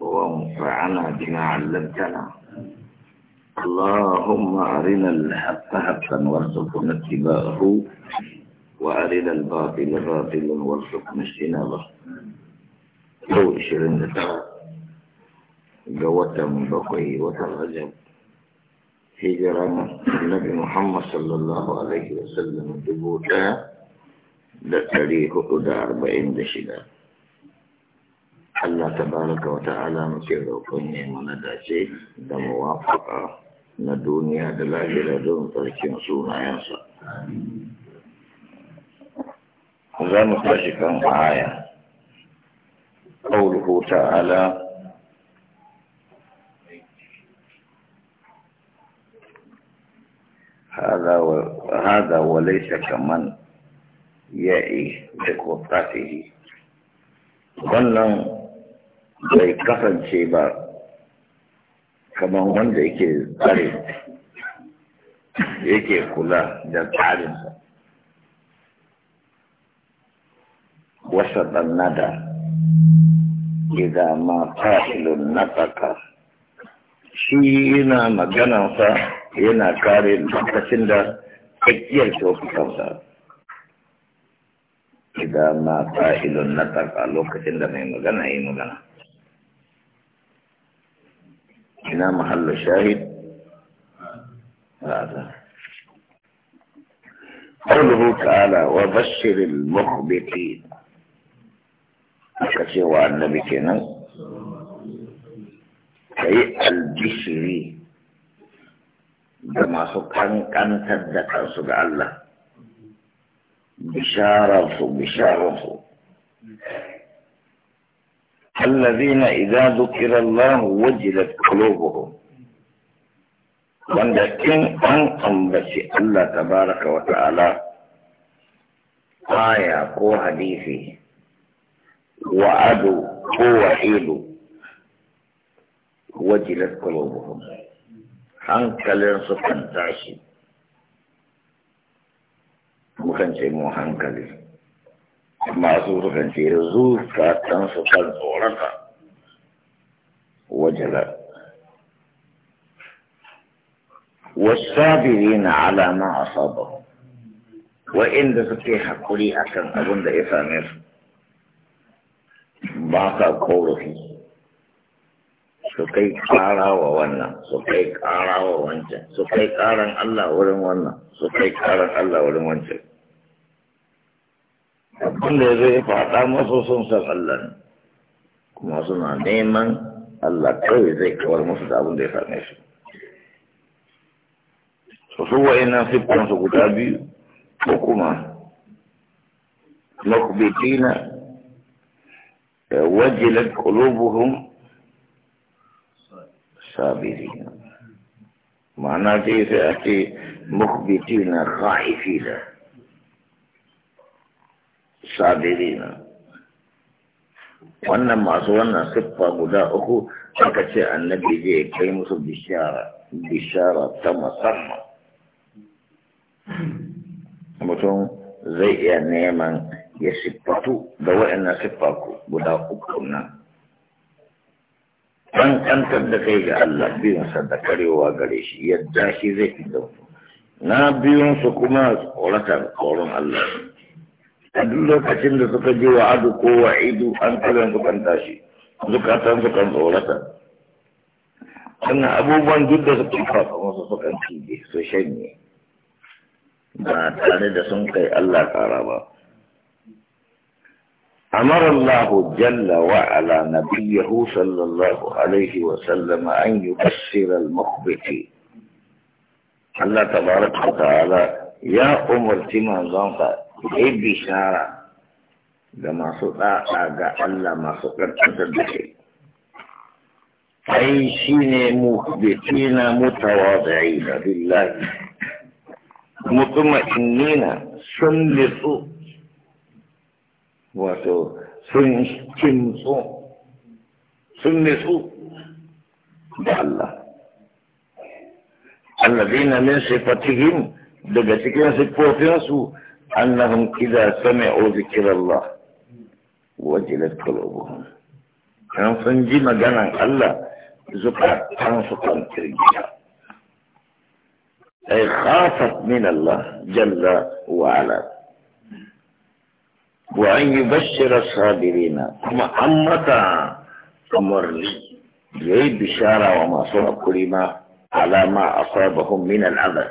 وانفعنا بما علمتنا اللهم أرنا الحق حقا وارزقنا اتباعه وأرنا الباطل باطلا وارزقنا اجتنابه لو إشرين بقيه بقي وترجم هجرة النبي محمد صلى الله عليه وسلم دبوتا da أدار hudu da Allah tabaraka wa ta'ala muke roƙon ne na dace da muwafaka na duniya da lafiya don tsarkin sunayensa. Za mu tashi kan aya. Ƙauluhu ta'ala هذا وليس كمن يأي بقطعته ظلا bai kasance ba kamar wanda yake tsare yake kula da tsarinsa wasa ɗan nada idan ma fasilun na tsaka shi yana maganansa yana kare lokacin da tsakiyar tofukansa idan ma fasilun na tsaka lokacin da mai magana yi magana هنا محل الشاهد هذا قوله تعالى وبشر المخبتين كسوى النبي كنا كي البشري بما سكان كان تدك سبع الله بشارة بشارة الذين إذا ذكر الله وجلت قلوبهم ولكن كن ان انبسي الله تبارك وتعالى آية قوة حديثي وعدوا قوة وحيدو وجلت قلوبهم هن كلين سفن تعشي مخنسي مو هن كلين masu sukan ce zukatansu kan tsoraka wajalar والصابرين على ما أصابهم وإن ذكي حقري أكن أبن ذا إسامير باقى قوله سكي كارا ووانا سكي كارا ووانا سكي كارا الله ولم وانا سكي كارا الله ولم وانشا wanda ya zai ya faɗa masu sun san Allah ne kuma suna neman Allah kawai zai kawar masu da abin da ya same su su su wa'innan siffansu guda biyu ko kuma makubitina wajilat qulubuhum sabiri ma'ana ce sai ake mukbitina khaifina na. wannan masu wannan siffa guda uku aka ce annabi zai kai musu bishara bishara ta musamman mutum zai iya neman ya siffatu da waɗannan siffa guda uku nan an kantar da kai ga Allah biyunsa da karewa gare shi yadda shi zai fi na biyunsu kuma tsoratar tsoron Allah a duk lokacin da suka ji wa'adu ko wa'idu an kalan su kan tashi zukatan su kan tsorata sannan abubuwan duk da suka fafa masu su kan cije su shanye ba tare da sun kai Allah kara ba أمر الله جل وعلا نبيه صلى الله عليه وسلم أن يبشر الله تبارك وتعالى يا أمر umarci manzonsa yi bishara ga masu tsada ga Allah masu ƙarƙantar da shi. Ai shi ne mu betina mutawa da yi da billahi. Mutuma innina sun litsu, wato sun kimtsu, sun litsu da Allah. Allah zina min sifatihim daga cikin siffofinsu أنهم إذا سمعوا ذكر الله وجلت قلوبهم كان سنجي مجانا الله زكاة تنفقا ترجيها أي خافت من الله جل وعلا وأن يبشر الصابرين ثم أمتا أمر لي يأي بشارة وما صنع كلمة على ما أصابهم من الأذى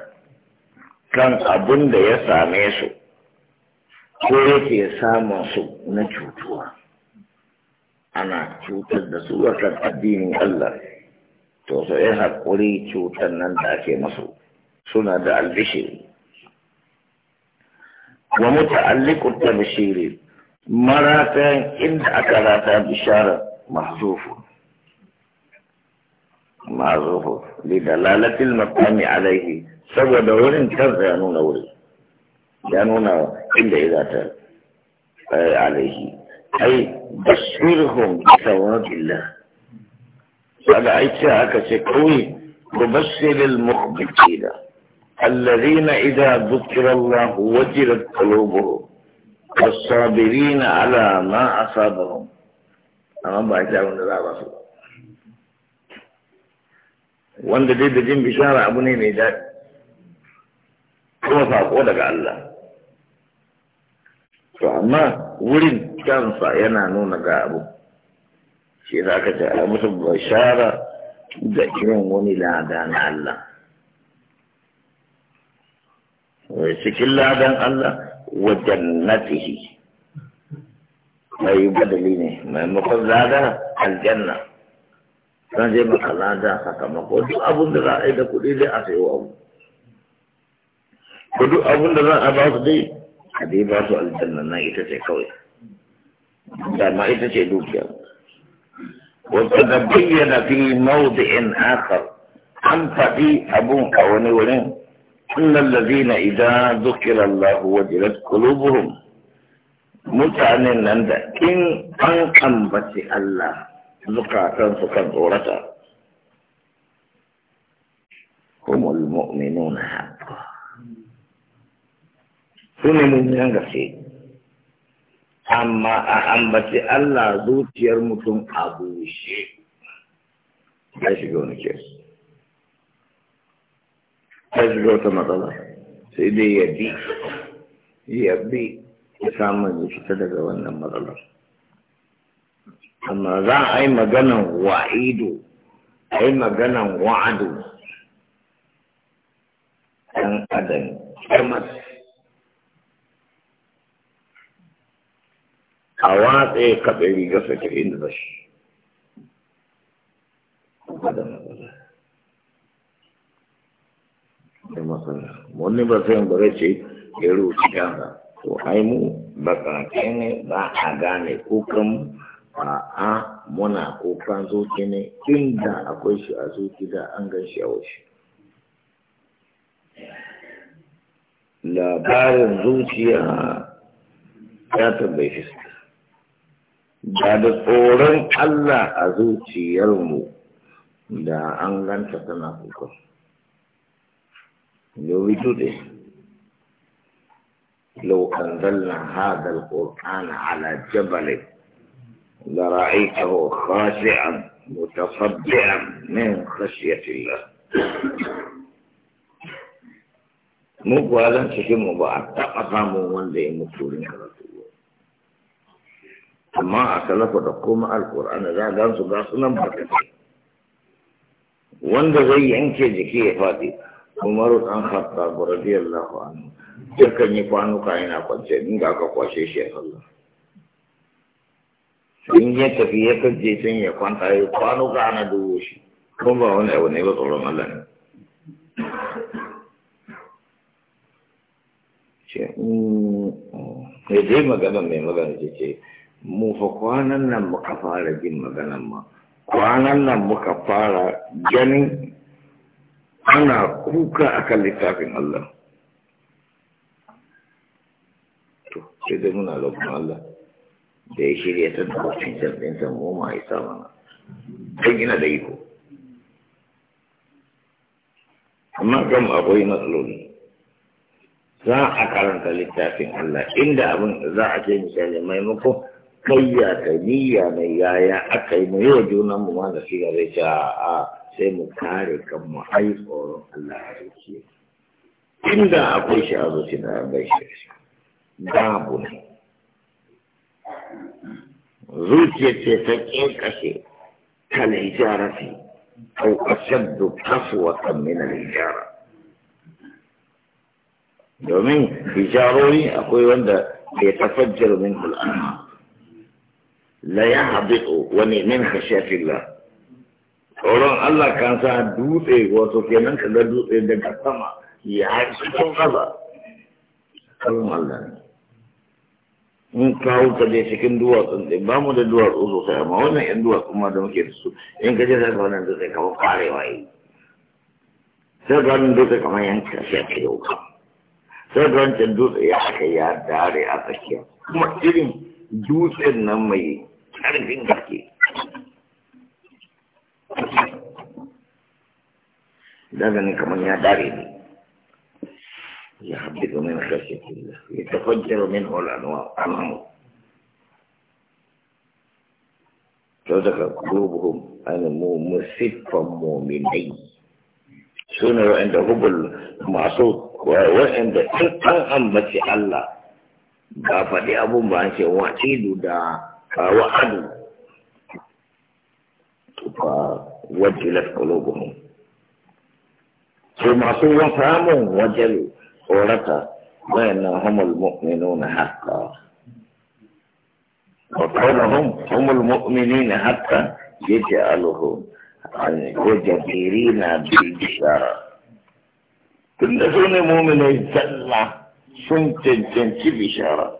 كان أبن يسامي سوء ko yake samun su na cutuwa ana cutar da su akan addinin Allah to so ya haƙuri cutar nan da ake masu suna da albishiri wa muta'alliqut tabshiri maratan inda aka rata bishara mahzufu mahzufu li dalalatil maqami alayhi saboda wurin tarza nuna wurin يعنون عند إذاته آه، عليه أي بشرهم بثواب الله على عيسى هكذا كوي مبشر المخبتين الذين إذا ذكر الله وجلت قلوبهم والصابرين على ما أصابهم أما بعد أجعلون الله رسول الله وأن دي بجين بشارة أبنين إذا كما فاقوا لك الله to amma wurin kansa yana nuna ga abu shi za ka ce a musu bashara da irin wani lada na Allah cikin ladan Allah na jannatihi mai badali ne maimakon lada aljanna zan je maka lada sakamako duk abin da za a yi da kuɗi dai a sayo abu duk abin da za a ba su dai a dai ba su aljanna nan ita ce kawai dama ita ce dukiya وقد بين في موضع آخر عن فقي أبوك ونورين أن الذين إذا ذكر الله وجلت قلوبهم mutanen nan da in an ambaci Allah zukatansu kan tsorata humul mu'minuna haqqa su ne mummunan gaske amma a ambaci Allah zuciyar mutum a bushe ya shiga wani kes ya shiga wata matsala sai dai ya bi ya bi ya samu ya fita daga wannan matsalar amma za a yi maganan wa'ido a yi maganan wa'adu ɗan adam kirmas a watse kaɗe riga sa ta inda da shi wani ba sai bare ce ya ya kansa to ai mu baƙaƙe ne ba a gane kukan a muna kukan zuci ne inda akwai shi a zuci da an gan shi a wasu labarin zuciya ya tabbai shi da da tsoron Allah a zuciyarmu da an ganta tana kuka. Yomi tuɗe, lau an zalna ala jabalin, da ra'aikahu khashi'an mutasabbi'an min khashiyatillah. Mu kuwa zan cikin mu ba a taɓa samun wanda ya mutu wurin karatu. amma a salafa da koma alkur'ani za a su ga sunan barkatai wanda zai yanke jiki ya faɗi umaru ɗan khattab radiyallahu anhu yakan yi kwanuka yana kwance in ga aka kwashe shi ya sallah in ya tafi ya kaje can ya kwanta ya kwanuka ana dubo shi kuma ba wani abu ne ba tsoron Allah ne mm, ya dai magana mai magana ce ce mu fa kwanan nan muka fara jin maganan ma kwanan nan muka fara ganin ana kuka akan littafin Allah to sai dai muna kuma Allah da ya shirya ta da wacin ta mu ma sa mana kan gina da iko amma mu akwai matsaloli za a karanta littafin Allah inda abin za a ce misali maimako kayya ta niyya mai yaya aka yi mai yau junan mu ma da shi gare a sai mu kare kanmu ai tsoron Allah a zuci inda akwai shi a zuciya na bai shi babu ne zuciya ce ta ƙinƙashe ta laijarati au ashaddu wa kan mina hijara domin hijarori akwai wanda ya tafajjar min al la yahbitu wani min la tsoron Allah kan sa dutse wato kenan ka ga dutse daga sama ya su kan ƙasa kalmar Allah ne in kawo ka je cikin duwatsun ɗin ba mu da duwatsu sosai amma wannan yan duwatsu ma da muke da su in ka je zaka wannan dutse kawo kwarewa yi sai ga wannan dutse kamar yan shi a yau ka sai ga wancan dutse ya haka ya dare a tsakiya kuma irin dutsen nan mai ƙarfin ni da gani ni. ya dare ne ya haɗe domin rashin ya tafajjar min hulanuwa amamu sau daga kurubuhun ainihin musiffan mominai su ne wa'anda hubul masu wa'anda in an ambaci Allah ba faɗi abun ba an ce da وعدوا وجلت قلوبهم ثم عصوا فهموا وجلوا ورقى وإنهم المؤمنون حقا وقولهم هم المؤمنين حقا يجعلهم وجبيرين بالبشارة كل سنة مؤمنين سلة سنة بشارة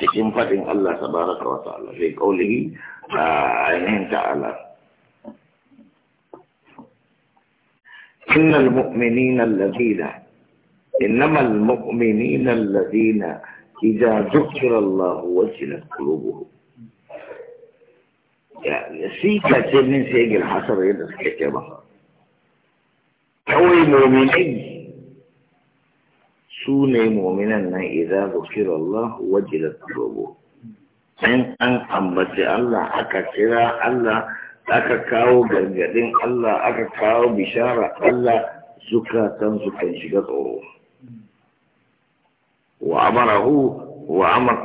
cikin faɗin Allah tabaraka wa ta'ala fi qawlihi ainihin ta'ala إن المؤمنين الذين إنما المؤمنين الذين إذا ذكر الله وجلت قلوبهم يعني سيكا من سيجي الحسر يدس كتبها kawai mominai سوني مؤمنا إذا ذكر الله وجلت قلوبهم in an ambaci Allah aka kira Allah aka kawo gargadin Allah aka kawo bishara Allah zukatan su kan shiga tsoro wa amarahu wa amar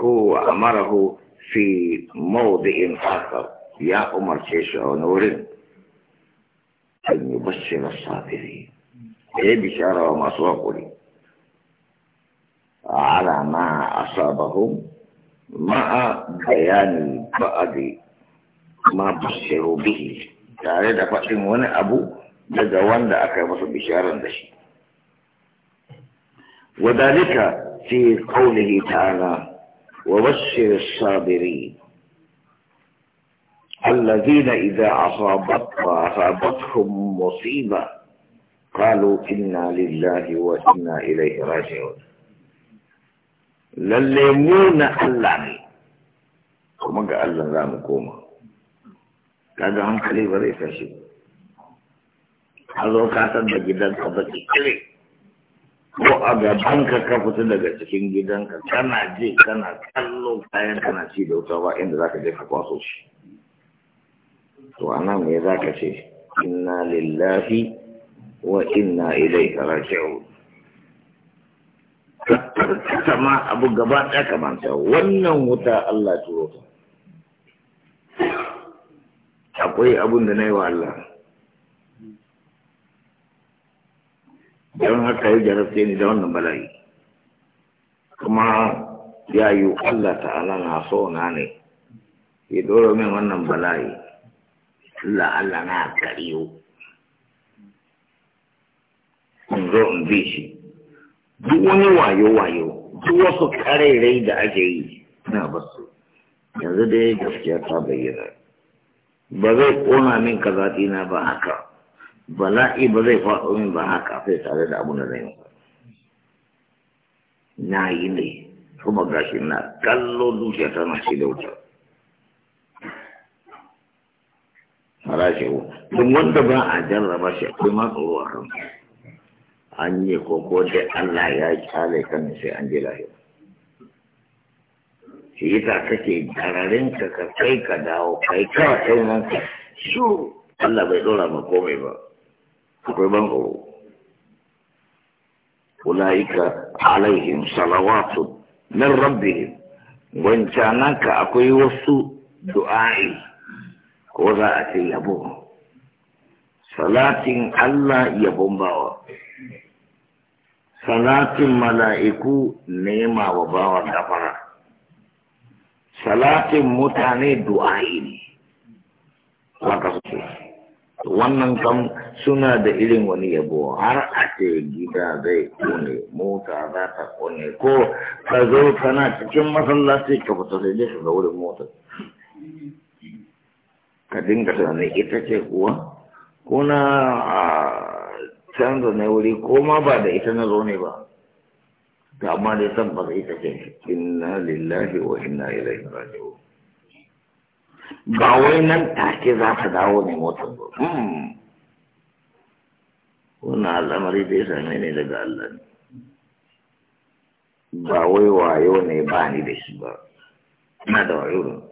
ko wa amarahu fi mawdi'in akhar ya umarce shi a wani wurin an yi bashira sabiri ya bishara wa masu haƙuri على ما أصابهم مع بيان بعض ما بشروا به تعالي دفعت من أبو لدوان دا أكبر بشارة دشي وذلك في قوله تعالى وبشر الصابرين الذين إذا أصابت أصابتهم مصيبة قالوا إنا لله وإنا إليه راجعون lalle mu na Allah ne kuma ga Allah za mu koma kaga hankali ba zai tashi a zo ka san da gidanka baki kire ko a gabanka ka fita daga cikin gidanka kana je kana kallo kayan kana ci da wuta ba inda zaka je ka kwaso shi to anan me zaka ce inna lillahi wa inna ilaihi raji'un karkata ma abu gaba ɗaya kamanta wannan wuta Allah turo ta akwai abun da na yi wa Allah don haka yi jarabce ni da wannan bala'i kuma ya yi Allah ta'ala na so na ne ya doro min wannan bala'i Allah Allah na kariyo in zo in bi shi duk wani wayo-wayo duk wasu karerai da ake yi na basu yanzu da ya gaskiya ta bayyana ba zai kona min kaza na ba haka bala'i ba zai faɗo min ba haka sai tare da abu na zai na yi ne kuma gashi na kallo zuciya tana shi da wuta harashe don wanda ba a jarraba shi akwai ma tsoro a kansa an yi ko dai Allah ya kyale kan sai an ji lahira shi ita kake dararin ka ka kai ka dawo kai ka kai nan ka su Allah bai dora ma komai ba akwai ban tsoro ulaika alaihim salawatu min rabbihim wancananka akwai wasu du'a'i ko za a ce yabo salatin Allah ya bawa salatin mala'iku nema wa bawan gafara salatin mutane du'a'i ne wannan kam suna da irin wani yabo har a ce gida zai kone mota za ta kone ko ka zo kana cikin masallaci ka fita da dai da wurin mota ka dinga tunanin ita ce kuwa ko na canza ne wuri ko ma ba da ita na zo ne ba ta amma dai tabbas ita ce inna lillahi wa inna ilaihi raji'un ba wai nan take za ta dawo ne motar ba hmm. wannan al'amari da ya same ne daga Allah ne ba wai wayo ne ba ni da shi ba na da wayo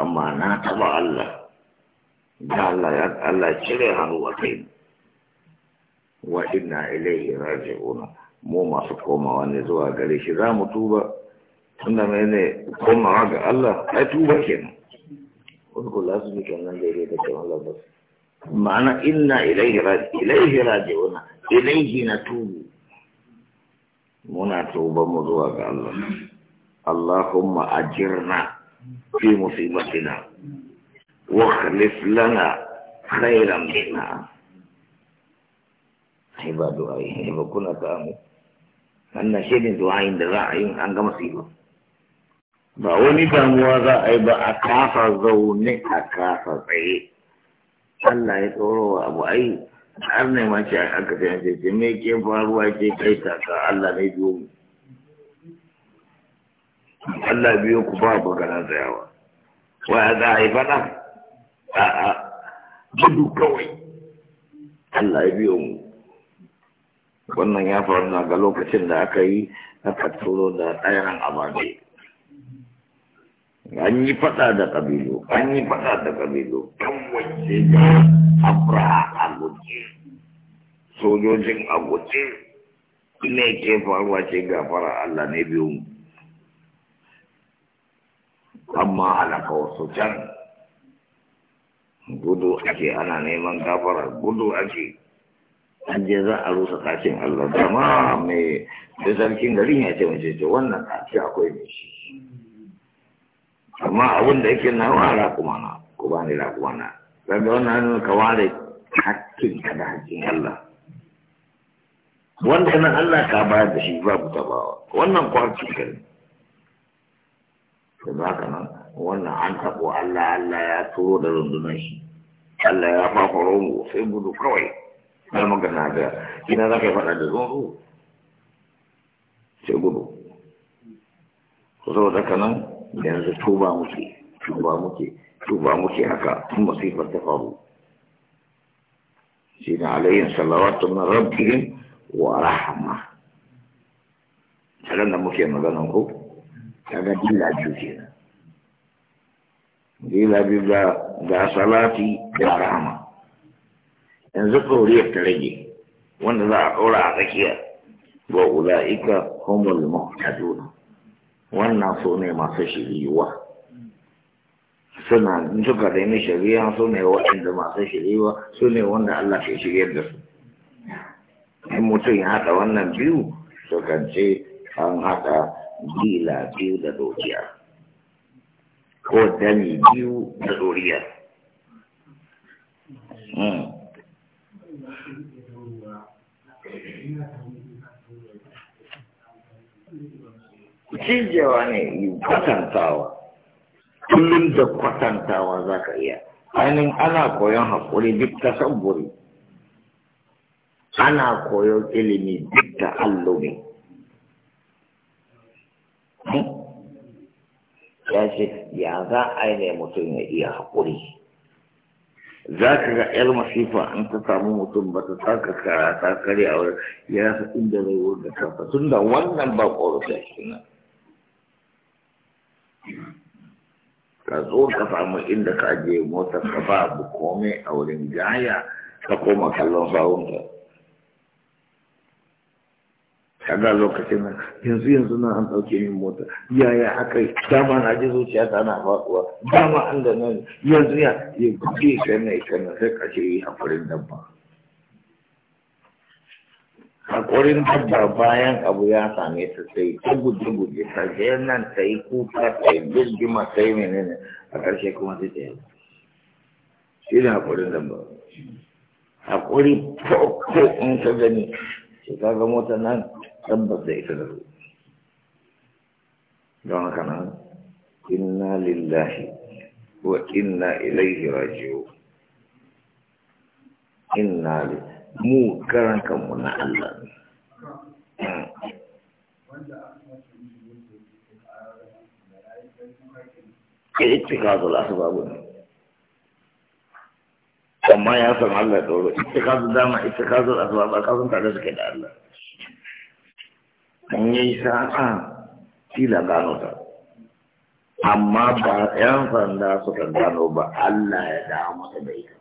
amma na taba Allah الله وإنا إليه راجعون مو ما سكوما ونزوى قليش رام توبة عندما يني كوما عقا الله هاي توبة ونقول لازم يكون لنا جيدة الله بس معنى إنا إليه راجعون إليه راجعون إليه نتوب منا توبة مزوى قال الله اللهم أجرنا في مصيبتنا ba du'a واخلف لنا خيرا منها عباد الله عباد كنا كامو أن شيء دعاء an gama مصيبة ba wani damuwa za a yi ba a kafa zaune a kafa tsaye Allah ya tsoro wa abu ai har ne ma ce aka ta yace ce me ke faruwa ce kai kaka Allah ne biyo mu Allah biyo ku ba ba kana tsayawa wa za a yi fada a'a gudu kawai Allah ya biyo mu wannan ya faru na ga lokacin da aka yi aka turo da tsayaran ababe an yi fada da kabilu an yi fada da kabilu kan wace ga abra a guje sojojin a guje ne ke faruwa ce gafara Allah ne biyu amma halaka wasu can gudu ake ana neman gafara gudu ake an je za a rusa tashin Allah dama mai da sarkin garin ya ce mace ce wannan tashi akwai mai shi amma abin da yake na wa rakuma na ku ba ni rakuma na daga wannan hannun ka ware hakkin ka da hakkin Allah wanda nan Allah ka bayar da shi babu tabawa wannan kwarci ka ne da ka nan wannan an taɓo Allah Allah ya turo da rundunar shi Allah ya fafa romo sai gudu kawai na magana da ina za ka yi faɗa da zonzo sai gudu saboda haka nan yanzu tuba muke tuba muke tuba muke haka tun masifar ta faru shi na alayhin salawatu min rabbihim wa rahma sanan da muke maganan ko kaga dilla juke nan dila bi ga salati da rahama yanzu kauriyar ta rage wanda za a ɗora a tsakiya wa ula'ika humul muhtadun wannan so ne masu shiriwa. suna suka daina shari'a so ne waɗanda masu shiriwa so ne wanda Allah ke shiryar da su in mutum ya haɗa wannan biyu su kan ce an haɗa gila biyu da dokiya ko dami biyu da zuriya hmm. cijewa ne yi kwatantawa kullum da kwatantawa za ka iya ainihin ana koyon haƙuri duk ta sabburi ana koyon ilimi duk ta allo ya ce ya za a yi ne mutum ya iya haƙuri za ka ga yar masifa an ta samu mutum ba ta saka kara kare a wurin ya fi inda zai wurin da kansa tun da wannan ba ƙorafi a cikin nan ka zo ka samu inda ka ajiye motar ka ba abu a wurin jaya ka koma kallon sawunka kaga lokacin nan yanzu yanzu na an ɗauke min mota yaya aka yi dama na ji zuciya ta na faɗuwa dama an da nan yanzu ya ya kuɗi kan na kan na sai ce yi haƙurin dabba haƙurin dabba bayan abu ya same ta sai ta guje guje ta je nan ta yi kuka ta yi birgima ta yi menene a ƙarshe kuma sai ta yi shi ne haƙurin dabba haƙuri ko in ka gani sai ka ga motar nan ربط ذي فنبو جوانا كان إنا لله وإنا إليه راجعون إنا لله مو كران كمنا الله اتخاذ الأسباب وما يحصل على الله اتخاذ دام اتخاذ الأسباب أكاظم تعالى سكيد الله an yi sa'a kila gano ta amma ba yan sanda suka gano ba Allah ya dawo masa da ita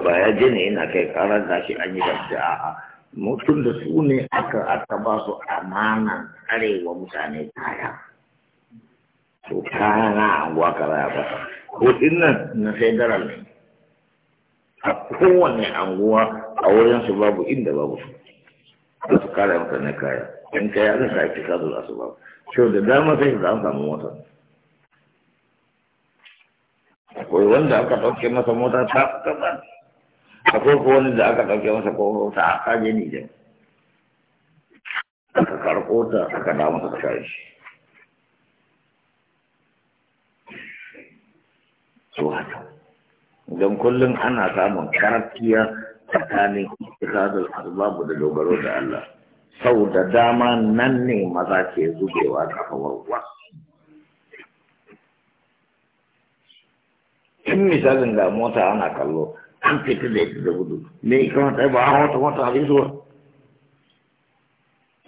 ba ya je ne yana kai karar gashi an yi gaske mutun mutum da su ne aka aka ba su amana karewa mutane kaya to kaya na anguwa ya ko nan na sai daral ne a kowane anguwa a wurin su babu inda babu su da su kare mutane kaya in kaya zai sa ake kazo da su babu sau da dama sai da an samu mota akwai wanda aka ɗauke masa mota ta kaban akwai ko wani da aka ɗauke masa ko ta aka je ni jan aka karɓo ta aka dawo ta kare shi to haka don kullum ana samun karatiya tsakanin itikadar arbabu da dogaro da Allah sau da dama nan ne maza ke zubewa kafa warwa in misalin ga mota ana kallo an fita da ita da gudu ne kan ta ba a wata wata zuwa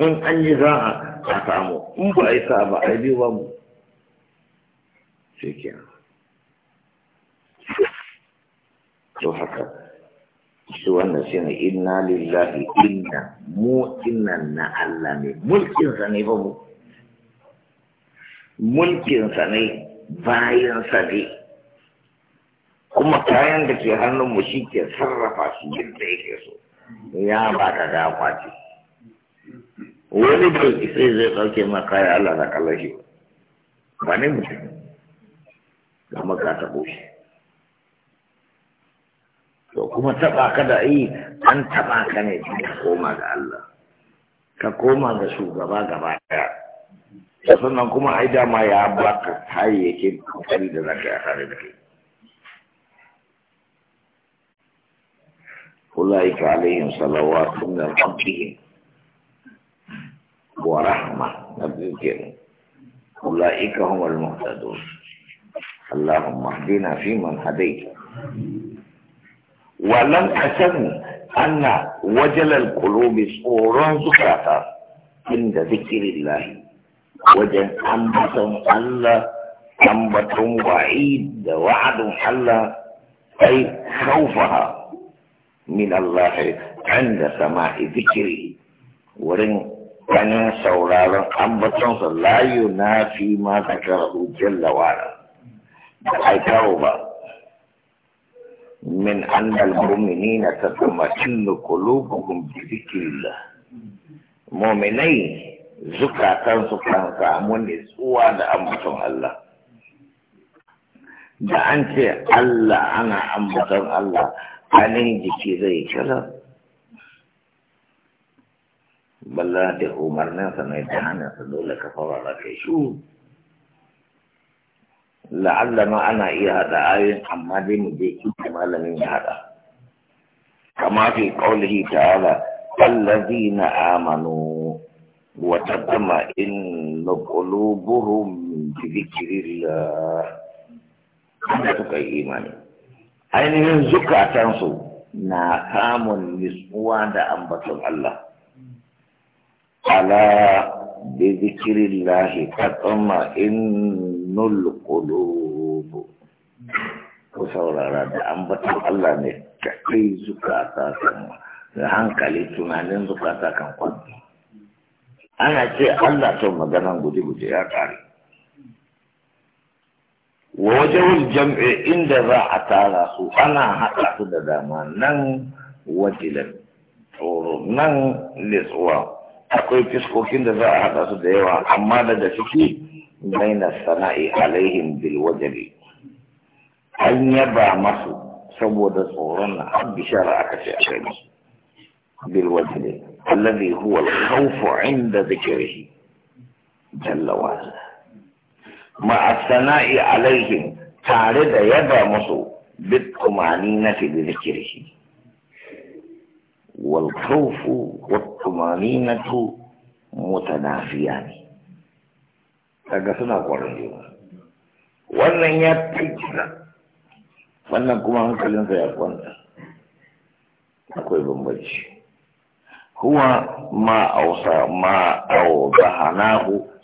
in an yi za a samu in ba a yi sa ba a yi biyu ba mu to haka shi wannan shi ne inna lillahi inna mu inna na Allah ne mulkinsa ne ba mu mulkinsa ne bayansa ne kuma kayan da ke hannunmu shi ke sarrafa shi yadda yake so ya ba ka ga kwaci wani bai sai zai ɗauke ma kaya Allah na kallon shi ba ne mutum ga maka ta shi to kuma taɓa ka da yi an taɓa ka ne ka koma ga Allah ka koma ga shugaba gaba ɗaya sannan kuma ai dama ya baka kayayyakin kokari da za ka yi tare da kai أولئك عليهم صلوات من ربهم ورحمة نبذكر أولئك هم المهتدون اللهم اهدنا فيمن هديت ولم أسن أن وجل القلوب صورا زكاة عند ذكر الله وجل أنبت الله أنبتهم وعيد وعد حل أي خوفها من الله عند سماع ذكره ورن كان سورارا أنبتهم لا ينافي ما ذكره جل وعلا أي توبة min annal mu'minina tatma'innu qulubuhum bi dhikrillah mu'minai zuka kan su kan samu ne da ambaton Allah da an ce Allah ana ambaton Allah halin jiki zai kira Bala da umarninsa sa mai da hannun dole ka fara kai shu لعل ما أنا إيه هذا آية حمد مجيء كما لم يهدى كما في قوله تعالى الذين آمنوا وتتم إن قلوبهم بذكر الله أنا تقى إيمان أين من زكاة تنصو ناقام يسوان دا أنبطل الله على بذكر الله تطمئن القلوب وسورة أنبت الله نتقي زكاة da hankali tunanin zukata kan kwanta ana ce Allah to magana guje-guje ya kare wajen jam'i inda za a tara su ana haɗa su da dama nan wajilan tsoro nan litsuwa akwai fiskokin da za a haɗa su da yawa amma daga ciki baina sana'i alaihim bil wajabi an yaba masu saboda tsoron na bishara aka ce aka yi bil wajabi alladhi huwa al-khawfu inda dhikrihi jalla wa ala ma sana'i alaihim tare da yaba musu bit na fi dhikrihi والخوف والطمانينة متنافيان تقصنا قرن جوا وانا يتجنا وانا كما انكلم في اقوانا اقوي بمبج هو ما اوصى ما او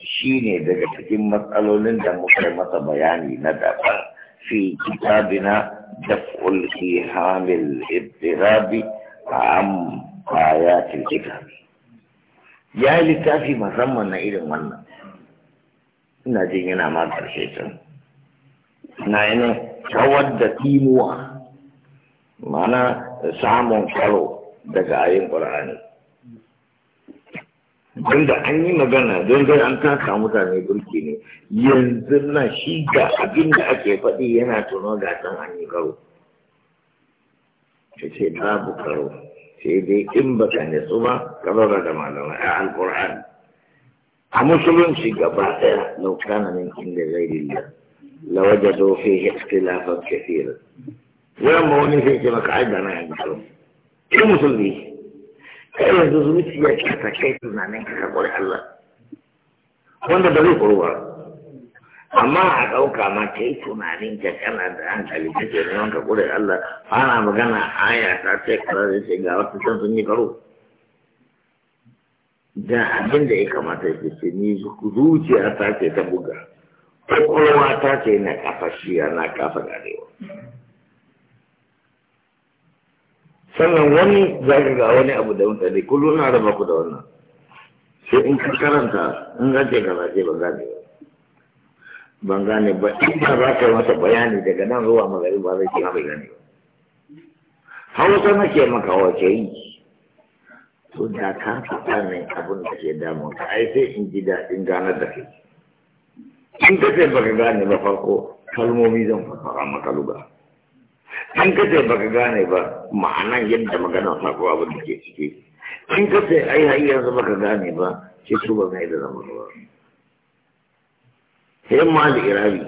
شيني دقا تكين مسألو لندا مسلمة بياني ندابا في كتابنا دفع الإيهام الاضطرابي am ayatul kitabi ya yi littafi musamman na irin wannan ina jin yana ma karshe can na yana kawar da timuwa mana samun karo daga ayin ƙur'ani don da an yi magana don dai an taka mutane burki ne yanzu na shi ga abin da ake faɗi yana tuno da an yi karo ce babu karo sai dai in baka nitsu ba ka da malamai a eh, alƙur'ani a musulunci gaba ɗaya laukana min inda zai lilla lawaje zo fi ikhtilafan kathira wurin ma wani sai ce maka aida na yanzu karo ki musulmi kai yanzu zuciya ce ta kai tunanin ka ka Allah wanda ba zai kurwa ba amma a ɗauka ma ta yi tunanin ka kana da hankali ta ke neman ka kure Allah ana magana aya ta ce ya ce ga wata can sun yi karo da abin da ya kamata ya ce ni zuciya ta ce ta buga kwakwalwa ta ce na kafa shiya na kafa garewa sannan wani ga wani abu da kullum na raba ku da wannan sai in ka karanta in ban gane ba idan za ka yi masa bayani daga nan zuwa magari ba zai kira bai gane ba hausa nake maka wace yi to da ka fi ne abin da ke damun ka ai sai in ji daɗin ganar da kai in ka sai baka gane ba farko kalmomi zan fara maka luga in ka sai baka gane ba ma'anan yadda magana sako abin da ke ciki in ka sai ai har yanzu baka gane ba ke su ba mai da zama ruwa himma da irabi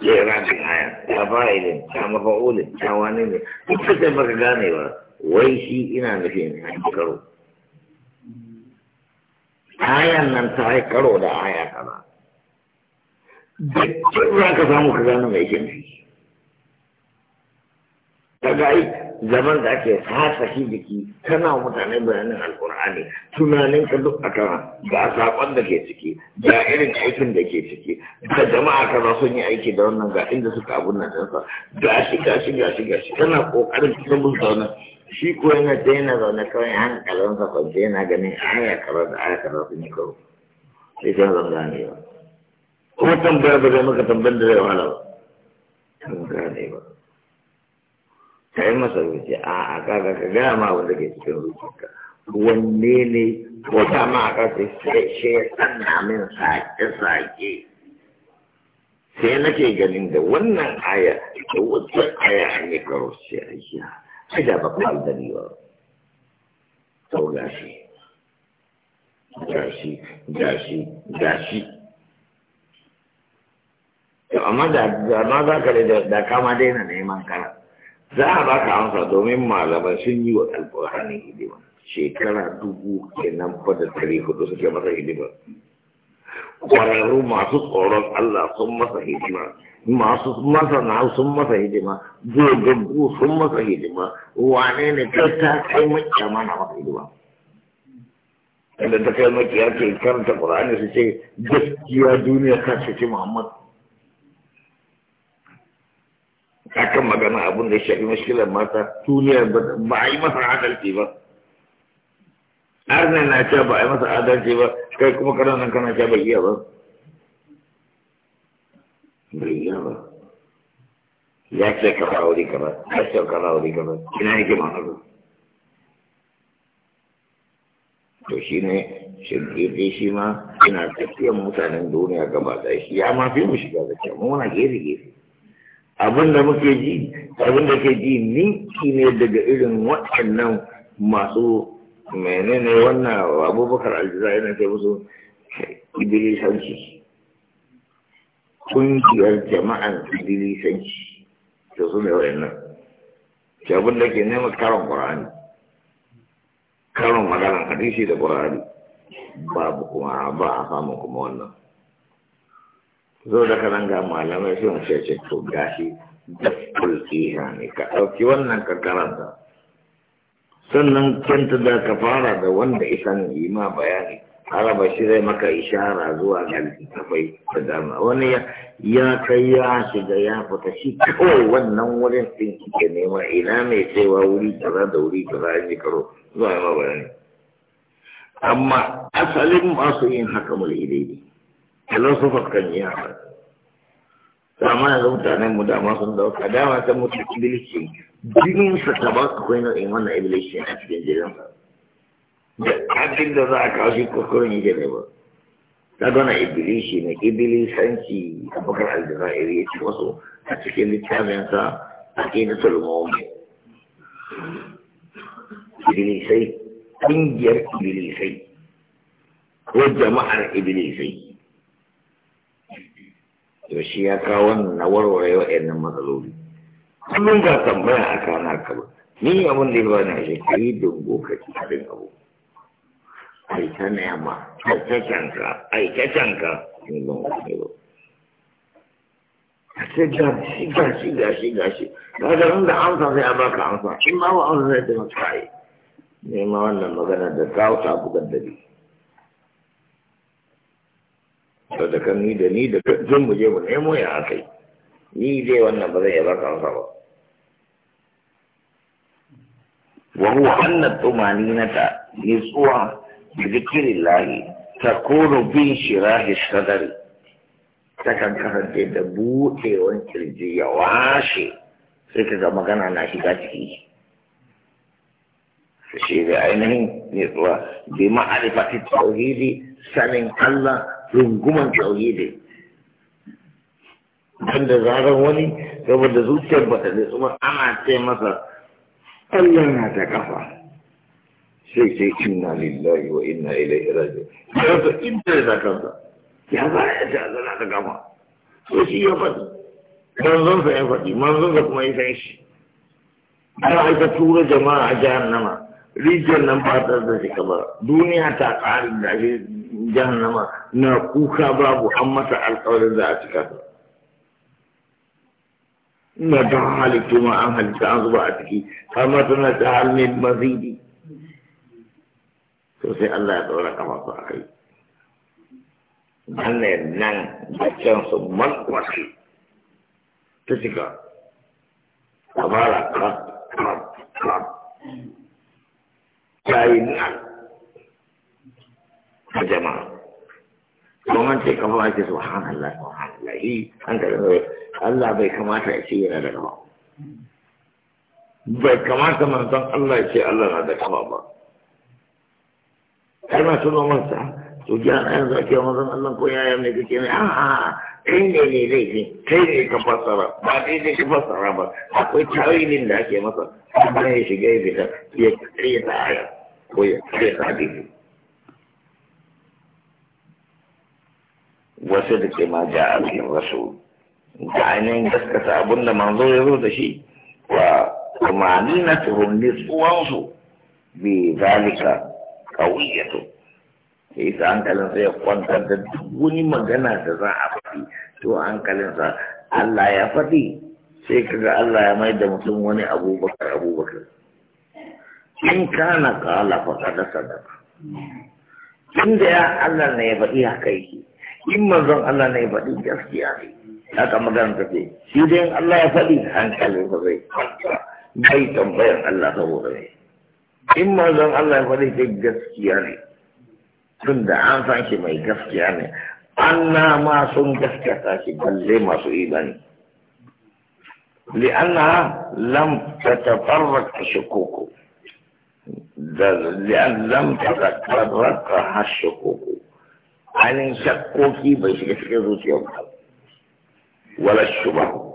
da irabin aya ta fa'ilin ta mafa'ulin ta wani ne duk da kai baka gane ba wai shi ina nufin an karo ayan nan ta yi karo da aya kaza da za ka samu ka gane mai kyanfi daga zaman da ake fasa shi jiki kana mutane bayanin alkur'ani tunanin ka duk a kama ga sakon da ke ciki ga irin aikin da ke ciki da jama'a ka za sun yi aiki da wannan ga inda suka abun nan ɗansa ga shi ga shi ga shi ga shi kana kokarin kitabun zaune shi ko yana daina zaune kawai hankalinsa kwance yana ganin aya karar da aya karar sun yi karo sai kan zan gane ba kuma tambaya ba zai maka tambayar da zai wahala ba. Kan gane ba. ka yi masa wuce a a kaga ka gaya ma wanda ke cikin rubutunka wanne ne ko ta ma a kasa shi ya sanna min sake-sake sai nake ganin da wannan aya da wata aya a ne karo sai a yi sai da ba kawai da ba to gashi gashi gashi gashi amma da ma za ka da kama daina neman kara za a ba ka amsa domin malaman sun yi wa alƙur'ani hidima shekara dubu kenan fa da tare hudu suke masa hidima kwararru masu tsoron Allah sun masa hidima masu masana sun masa hidima gogaggu sun masa hidima wane ne ta ta kai makiya mana masa hidima inda ta kai makiya ke karanta ƙur'ani su ce gaskiya duniya ta ce Muhammad akan magana abin da ya shafi mashkilar mata duniyar ba a yi masa adalci ba arna na cewa ba a yi masa adalci ba kai kuma kana nan kana cewa bai iya ba bai iya ba ya ce ka fara wuri kaza ya ce ka fara wuri kaza ina yake ma haka to shi ne shirkiri shi ma ina tafiyan mutanen duniya gaba ɗaya shi ya ma fi mu shiga da kyau mu muna gefe gefe abin da muke ji abin da ke ji ninki ne daga irin waɗannan masu menene wannan abubakar aljiza na ke musu ibilisanci ƙungiyar jama'an Ibilisanci. da su ne waɗannan shi abin da ke nema karon ƙwararri karon maganan hadisi da ƙwararri babu kuma ba a samun kuma wannan zo da kanan ga malamai sun ce to gashi da kulki ne ka ɗauki wannan ka karanta sannan kenta da ka fara da wanda isan yi ma bayani araba shi zai maka ishara zuwa ga littafai da dama wani ya kai ya shiga ya fita shi kawai wannan wurin ɗin kike nema ina mai cewa wuri kaza da wuri kaza ya karo zuwa ma bayani amma asalin masu yin haka mulhidai filosofas kan yi haka ma yanzu mutanen mu dama sun dauka dama ta mutu ibilisi jinin sa ta ba ka kwaino in wannan ibilisi a cikin jirin sa da abin da za a kawo shi kokorin yake ne ba ta gana ibilisi ne ibilisanci a bakar aljazairi ya ce wasu a cikin littafin sa a kini sulmomi ibilisai ƙungiyar ibilisai ko jama'ar ibilisai yaushe ya kawo wannan na warware wa'annan matsaloli kullum ga tambaya a kana kaba ni abin da ya bani shi ka yi dungo ka ci abin abu ai ta nema ai ta canka ai ta canka ni ban wani ba a ce gashi gashi gashi gashi ga da amsa sai a baka amsa in ma ba amsa sai ta ka yi ne ma wannan magana da ta wuta bugar da biyu to da kan ni da ni da kan mu je mu nemo ya akai ni dai wannan ba zai yi baka masa ba wa huwa anna tumaninata yiswa bi ta takunu bi shirahi sadri takan kasance da buɗewan kirji ya washe sai ka ga magana na shiga ciki shi da ainihin nutsuwa bi ma'arifatit tauhidi sanin Allah runguman tauhidi dan da zarar wani saboda zuciyar ba ta kuma ana ce masa Allah na ta kafa sai ce inna lillahi wa inna ilaihi raji'un ya ta inda da kansa ya ba ya ta zana ta kafa so shi ya faɗi manzon sa ya faɗi manzon sa kuma ya san shi ana aika tura jama'a a jahannama rijiyar nan ba ta da shi ba duniya ta ƙari da shi jahannama na kuka babu an mata alƙawarin za a cika ta na ta halittu ma an halitta an zuba a ciki har ma tana ta halin mazidi to sai Allah ya ɗaura kama su a kai wannan nan da can su mankwasi ta cika a fara kaf kaf kaf yayin a jama'a don an ce kafa ake subhanallah subhanallah yi an Allah bai kamata ya ce yana da kafa bai kamata manzon Allah ce Allah na da kafa ba har ma su noman sa to Allah ko yaya ne kake ne a a kai kai ne ka fassara ba kai ne ka fassara ba akwai tawilin da ake masa ba ya shiga ya fita ya ta ko ya wasu da ma da gaskata abin da manzo ya zo da shi wa tumaninatuhum nitsuwansu bi zalika qawiyatu ka hankalin ya da duk wani magana da za a faɗi to hankalin sa Allah ya faɗi sai kaga Allah ya mai da mutum wani abubakar abubakar in kana kala faɗa da sadaka inda ya Allah ne ya faɗi haka yake in manzon Allah ne ya faɗi gaskiya ne haka magana ta ce shi dai Allah ya faɗi hankalin ba zai bai tambayan Allah saboda ne in manzon Allah ya faɗi dai gaskiya ne tun da an san shi mai gaskiya ne na ma sun gaskata shi balle masu imani لأنها lam تتفرق shukuku bai تتطرقها الشكوك عن شكوك بشكل روسيا ولا الشبه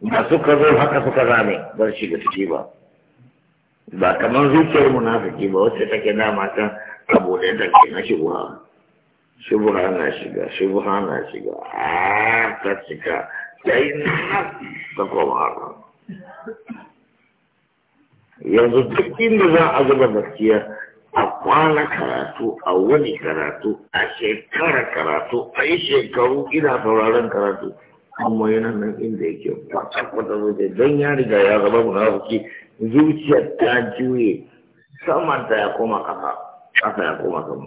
ما haka هكا سكر رامي بشكل ciki ba Ba kamar zuciyar munafiki ba wacce take dama ta abu da ta ke na shigowa shubuha na shiga shubuha na shiga a ta cika, ta yi na ta koma yanzu duk inda za a zuba gaskiya a kwana karatu a wani karatu a shekara karatu a yi shekaru ina sauraron karatu amma yana nan inda yake kwata kwata don ya riga ya zama munafiki zuciyar ta juye saman ta ya koma kafa kasa ya koma sama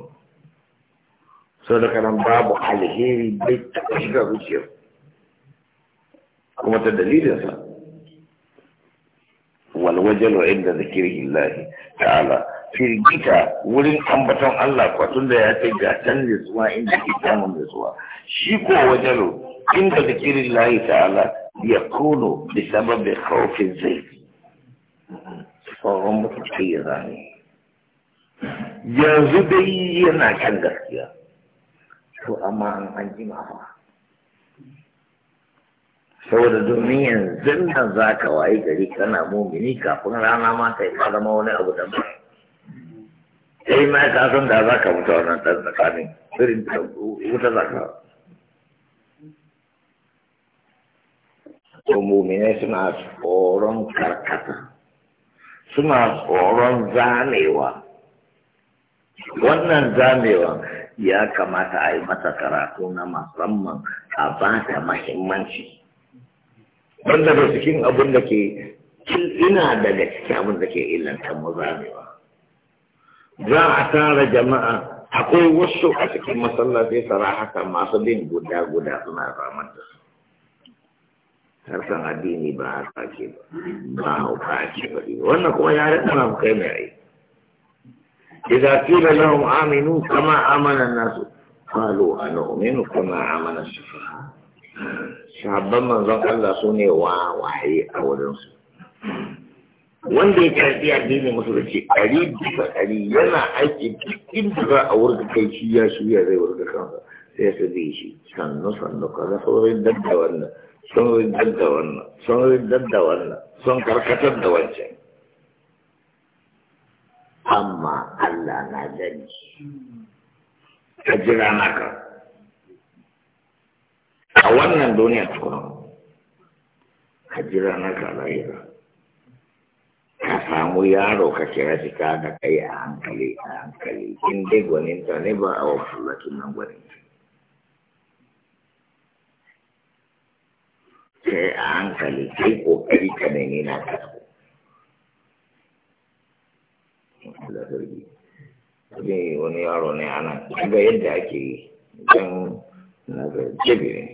sau da kanan babu alheri bai a shiga zuciyar kuma ta dalilinsa walwajalu inda zikirillahi ta'ala firgita wurin ambaton Allah kwatun da ya ce ga da zuwa inda ke samun da zuwa shi ko wajalu inda zikirillahi ta'ala ya kono da sababin khaufin zai tsoron mutunci ya zane yanzu dai yana kan gaskiya to amma an an ji mafa saboda domin yanzu nan za ka wayi gari kana mumini kafin rana ma ta yi zama wani abu da ba sai ma ka san da za ka mutu wannan ɗan tsakanin irin wuta za ka to mumine suna tsoron karkata suna tsoron zamewa wannan zamewa ya kamata a yi mata karatu na musamman a ba ta mahimmanci wanda da cikin abin da ke ina daga cikin abin da ke illanta muzamewa za a tara jama'a akwai wasu a cikin masallaci tsara haka masu bin guda-guda suna ramar da su harsan addini ba a sake ba hauka ce ba wannan kuma ya rika na kai mai rai idza qila lahum aminu kama amana nasu, falo a anu'minu kama amana as sahabban manzon Allah su ne wawaye a wurinsu wanda ya karbi addini musulunci ɗari bisa ɗari yana aiki cikin da za a wurga kai shi ya shirya zai wurga kansa sai su bi shi sannu sannu kaza saurin dadda wannan saurin dadda wannan saurin dadda wannan son karkatar da wancan amma Allah na gani ka jira na naka a wannan duniya tukuna ka na ka lahira ka samu yaro ka kira shi ka ga kai a hankali a hankali in dai gwaninta ne ba a wafulakin nan gwaninta kai a hankali kai kokari ka nemi na ka wani yaro ne ana ga yadda ake yi don na ga jibi ne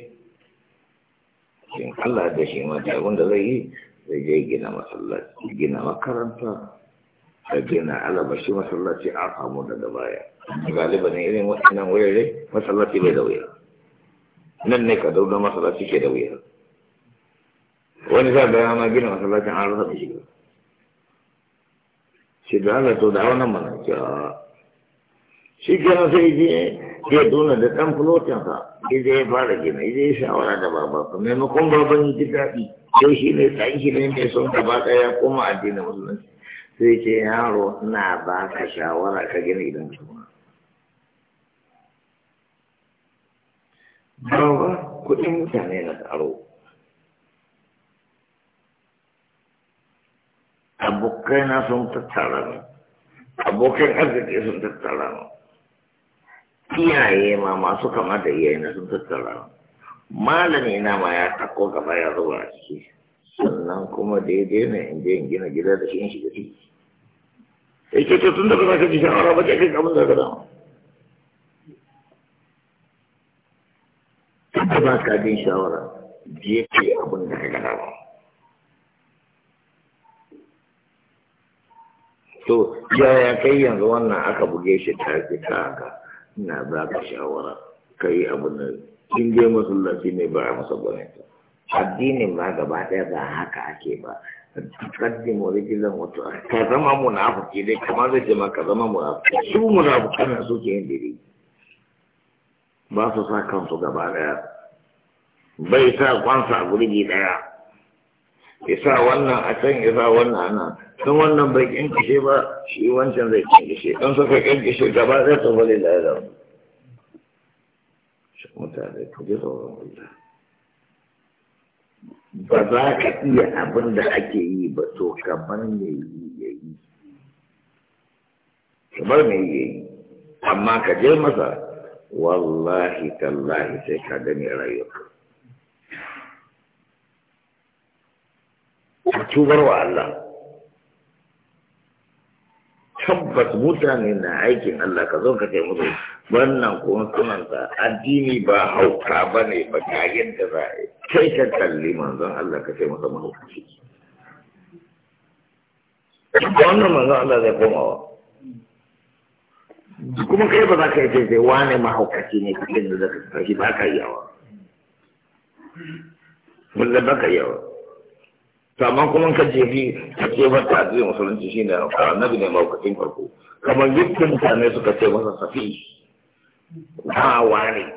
shin Allah da shi ma abin da zai yi zai je gina masallaci gina makaranta da gina alabashi masallaci a samu daga baya galiba ne irin waɗannan wurare masallaci bai da wuya nan ne ka dauna masallaci ke da wuya wani sa da ma gina masallacin an rasa da shi shi da Allah to da wannan mana shi kenan sai je ya dona da ɗan fulotinsa Ije ya fara gina, ije ya shawara da baba, ku maimakon baban ya ji daɗi, sai shi ne ɗan shi ne mai son gaba ya koma addinin musulunci. Sai ce yaro na ba ka shawara ka gina gidan kuma. Baba kuɗin mutane na tsaro. Abokai na sun tattara mu. Abokan arziki sun tattara mu. iyaye ma masu kama da iyaye na sun tattara malami na ma ya tako gaba ya zuba a ciki sannan kuma daidai na in je in gina gida da shi in shiga ciki sai ke ce tun da kuma ka shan shawara ba ke kai abin da ka dama da ba ka jin shawara je ke abin da ka gada ba to yaya kai yanzu wannan aka buge shi ta fi ta haka ina ba ka shawara ka yi abin da kin dai masallaci ne ba a masa gwamnati addinin ba gaba ba haka ake ba kaddim rijilan wato ka zama munafiki dai kamar zai ce ma ka zama munafiki su munafikan na suke yin diri ba su sa kansu gaba ɗaya bai sa kwansa a gurbi isa wannan a can isa wannan ana don wannan bai kinkishe ba shi wancan zai kinkishe don suka kinkishe gaba zai ta bale da ya mutane ku ji tsoron Allah ba za ka iya abin da ake yi ba to kamar me yi ya yi kamar me yi ya yi amma ka je masa wallahi tallahi sai ka gani rayuwa a tubar wa Allah tabbas mutane na aikin Allah ka zo ka kai musu wannan kuma sunanta addini ba hauka ba ne ba ta yadda za a yi kai ka kalli manzon Allah ka kai masa mahaukaci wannan manzon Allah zai wa kuma kai ba za ka yi daidai wane mahaukaci ne kafin da za ka ba ka yawa wanda ba ka yawa to amma kuma ka jefi ka ce mata a cikin musulunci shine annabi ne maukacin farko kamar yadda mutane suka ce masa safi wawa ne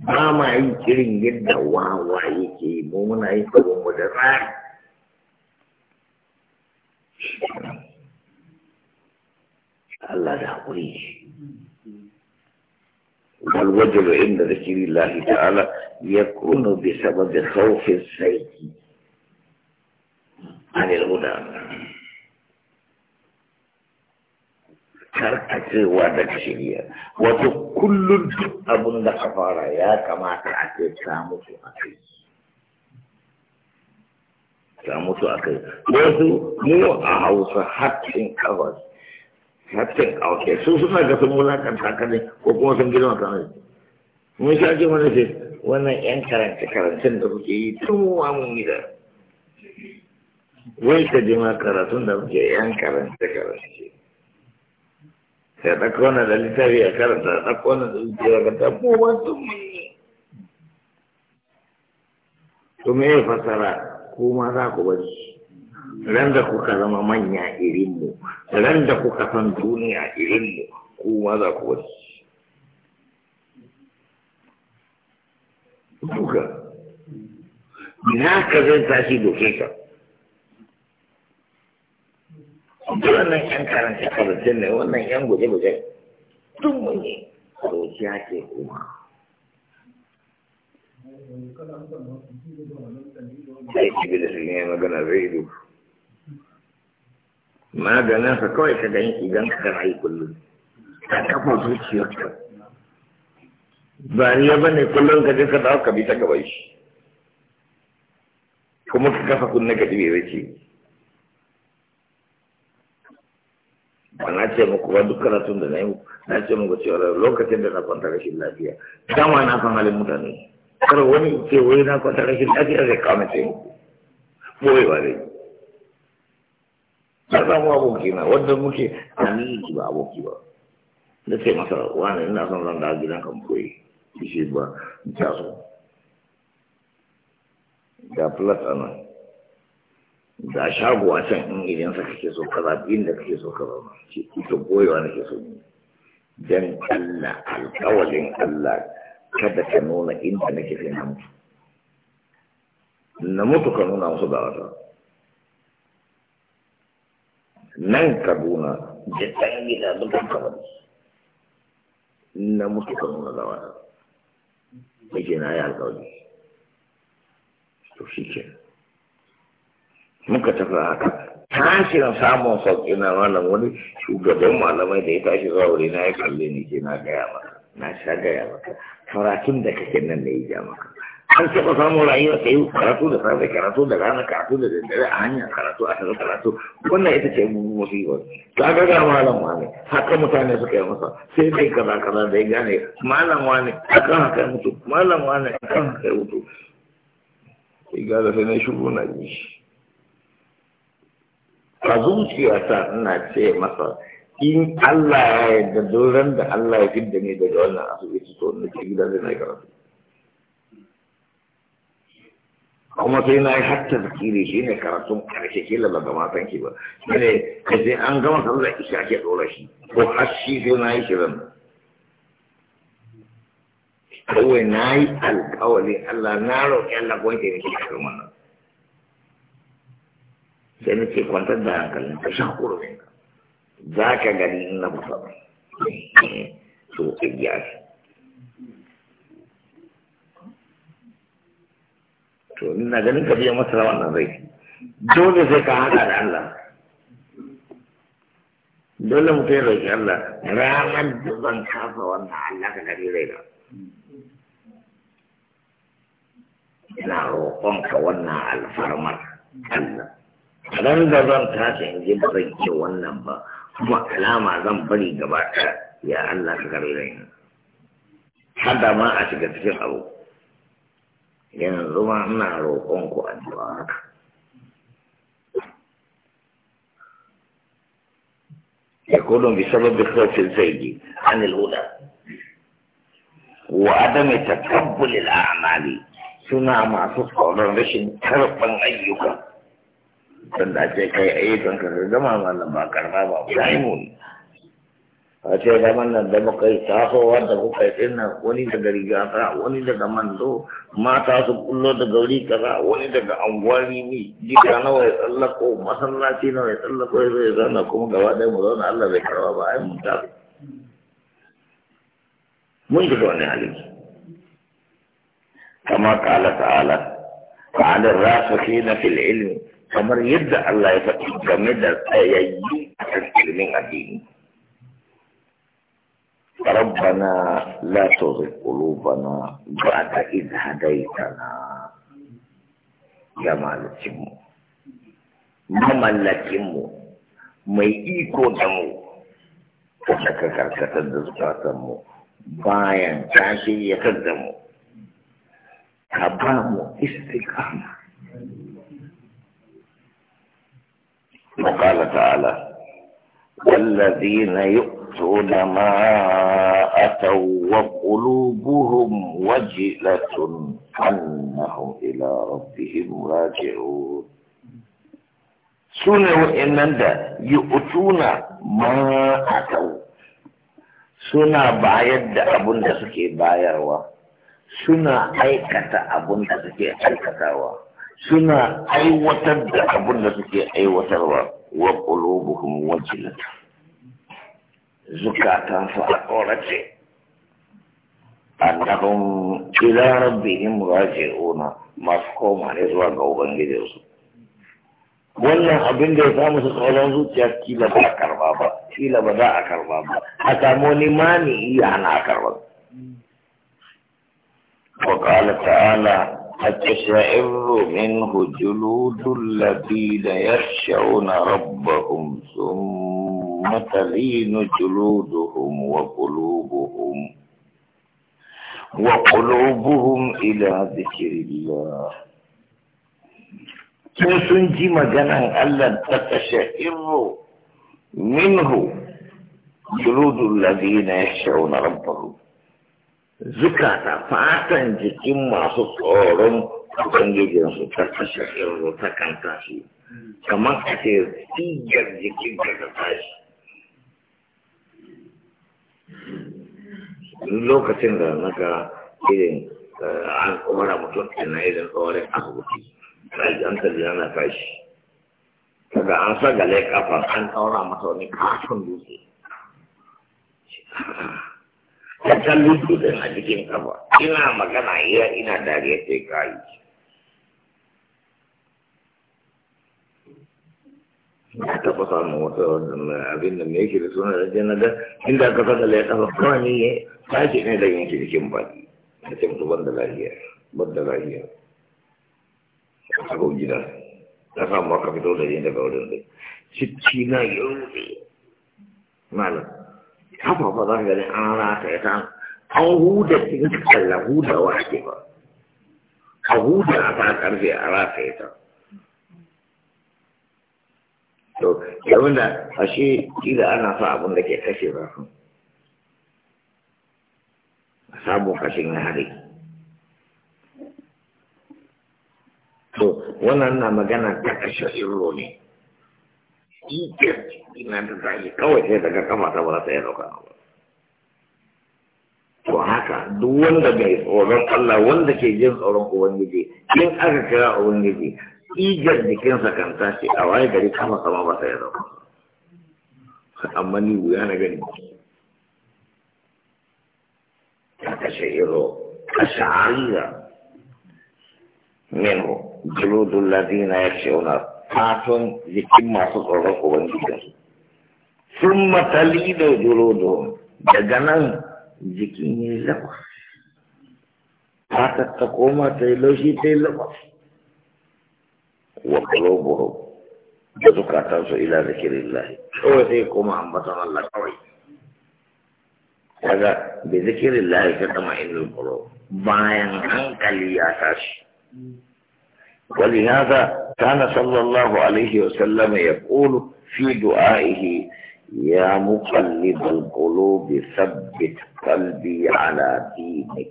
ba ma yi kirin yadda wawa yake yi, mu muna yi kabon mu da tsari Allah da haƙuri wajen والوجل عند ذكر الله تعالى يكون بسبب خوف الزيت عن الهدى karkacewa daga shirya wato kullum duk abin da ka fara ya kamata a ce ta mutu a kai ta mutu a kai wasu mu a hausa hattin kawai hattin kawai su suna ga sun wulakanta ka ne ko kuma sun girma ka ne mun sha mana ce wannan yan karance karancen da kuke yi tun wa mun gida zai ka ji karatun da muke yan karanta karance sai ɗauko na da littafi a karanta ɗauko na da littafi a karanta ko wasu mun yi to ya fasara kuma za ku bari ran da kuka zama manya irinmu ran da kuka san duniya irinmu ko ma za ku bari duka na ka zai tashi doke ka wannan yan karanta kwalitin ne wannan yan guje-guje tun mun yi rokiya ke kuma sai ci da su ne magana zai duk maganin sa kawai ka gani idan ka gana yi kullum ka kafa zuciyarka ba ni ya bane kullum ka je ka dawo ka bi ta gaba shi kuma ka kafa kunne ka ji bai wuce ba na ce muku ba duk karatun da na yi na ce muku cewa lokacin da na kwanta rashin lafiya dama na san halin mutane kar wani ce wai na kwanta rashin lafiya zai kama ce muku boye ba dai na samu aboki na wanda muke a amini ba aboki ba na ce masa wani ina son zan da gidan kan koyi shi ba ta so ga plus a Da shago a can in idan sa kake so ka zaɓi inda kake so ka zauna ce ita goyewa nake so ne dan Allah alƙawalin Allah kada ka nuna inda nake sai na mutu na mutu ka nuna musu ga wata nan da ɗan gida dukkan kamar na mutu ka nuna ga wata yake na yi alƙawali to shi kenan muka tafi haka tashin samun sauƙi na wannan wani shugaban malamai da ya tashi zuwa wuri na ya kalle ni ke na gaya maka na sha gaya maka karatun da kake nan da ya ja maka an taɓa samun rayuwa ta yi karatu da safe karatu da rana karatu da daddare a hanyar karatu a tare karatu wannan ita ce musibar ta ga ga malam wani haka mutane suka yi masa sai dai kaza kaza da ya gane malam wani akan haka mutu malam wani akan haka mutu sai ga da sai na shigo na ji a zuciyata ina ce masa in Allah ya yarda doron da Allah ya fidda ni daga wannan asibiti to na ke gidan zai na karatu kuma sai na yi hatta zakiri shi ne karatun karshe ke ba da matan ki ba shi ne ka sai an gama sallar isha ke dora shi ko har shi sai na yi shirin kawai na yi alkawali Allah na roƙi Allah ko yake ne shi karman nan sai na ce kwantar da hankalin ka shan kurumin ka za ka gani in na musa to a biya shi to ina ganin ka biya masa wannan rai dole sai ka haɗa da Allah dole mutum ya roƙi Allah ranar da zan kafa wannan Allah ka gani rai na ina roƙonka wannan alfarmar Allah kadan da zan tashi in ji zan ce wannan ba kuma alama zan bari gaba ɗaya ya Allah ka karbi ni hada ma a shiga cikin abu yanzu ma ina roƙon ku addu'a haka يكون بسبب خوف الزيد عن الهدى وعدم تقبل الأعمال سنة مع صدق رشد ترقا أيها don da ce kai ayyukan ka ka gama malam ba karba ba ƙwamun a ce zaman nan da muka yi tasowa da kuka yi nan wani daga riga ta, wani daga mando mata su kullo daga wuri kaza wani daga anguwani ni. jika na wai tsallako masallaci nawa ya tsallako ya zai zana kuma gaba ɗaya mu zauna Allah bai karba ba ai mun tafi mun shiga wani halin kama kala ta'ala fa'alin rasu fi na fil ilmi kamar yadda Allah ya faɗi game da tsayayyu a kan ilimin addini ربنا لا تزغ قلوبنا Ya إذ mu, يا مالكمو mu, mai iko da mu wanda ka karkata da zukatanmu bayan ta ya da mu ka ba mu istiqama وقال تعالى والذين يؤتون ما أتوا وقلوبهم وجلة أنهم إلى ربهم راجعون سنة وإنن دا يؤتون ما أتوا سنة بايد دا أبن دا سكي بايروا سنة أيكة أبن دا سكي أيكتاوا suna aiwatar da abin da suke aiwatarwa wa qulubuhum wajilat zukata su a tsorace annahum ila rabbihim raji'una masu koma ne zuwa ga ubangijinsu wannan abin da ya samu su tsoron zuciya kila ba a karba ba kila ba za a karba ba a samu wani mani iya hana a karba wa ta'ala أتشعر منه جلود الذين يخشون ربهم ثم تلين جلودهم وقلوبهم وقلوبهم إلى ذكر الله سنجي مجانا ألا تتشعر منه جلود الذين يخشون ربهم zukata fatan jikin masu tsoron ubangijinsu ta kashe irro ta kan tashi kamar a ce tsigar jikin ka ta tashi lokacin da na ga irin eh, an kumara mutum na irin tsoron asibiti rajantar yana tashi daga an sagale kafa an ɗaura masa wani kafin dutse ah, ta kalli dutsen a jikin kafa ina magana iya ina dariya sai kayi na taɓa samun wata abin da suna da jana da inda aka saka da ya kafa kawai ne tashi ne da yanki jikin baki a cikin su banda lafiya banda lafiya a ko gida na samu aka fito da yin daga wurin da ciki na yau malam kafa ba zan gani an rata ya san an huda cikin kalla huda wa ake ba a huda a ta karfe a rata ya san to yawan da ashe kila ana sa abin da ke kashe ba a sabon kashin na hari to wannan na magana ta kashe irro ne Ikan ina da zai kawai sai daga kama ta ba ta yi ɗauka ba. To haka duk wanda bai tsoron Allah wanda ke jin tsoron Ubangiji in aka kira Ubangiji ijar jikinsa kan tashi a waye gari kama sama ba ta yi ɗauka. Amma ni wuya na gani. Ta kashe iro, kashe harira. Minhu, juludun ladina ya ce fatun jikin masu tsoron ubangijinsu sun matali da jurodo daga nan jikin ya lafa fatar ta koma ta yi laushi ta yi lafa wa kaloboro da zukatansu ila zikirin lahi kawai sai koma ambatan Allah kawai daga bai zikirin lahi ta tama inu kuro bayan hankali ya tashi ولهذا كان صلى الله عليه وسلم يقول في دعائه يا مقلب القلوب ثبت قلبي على دينك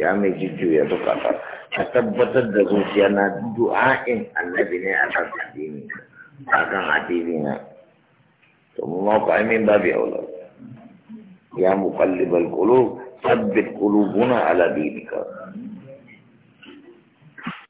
يا مجد يا بقطة تثبت الدعوة دعاء الذي على دينك akan ديننا ثم موقع من باب أولى يا مقلب القلوب ثبت قلوبنا على دينك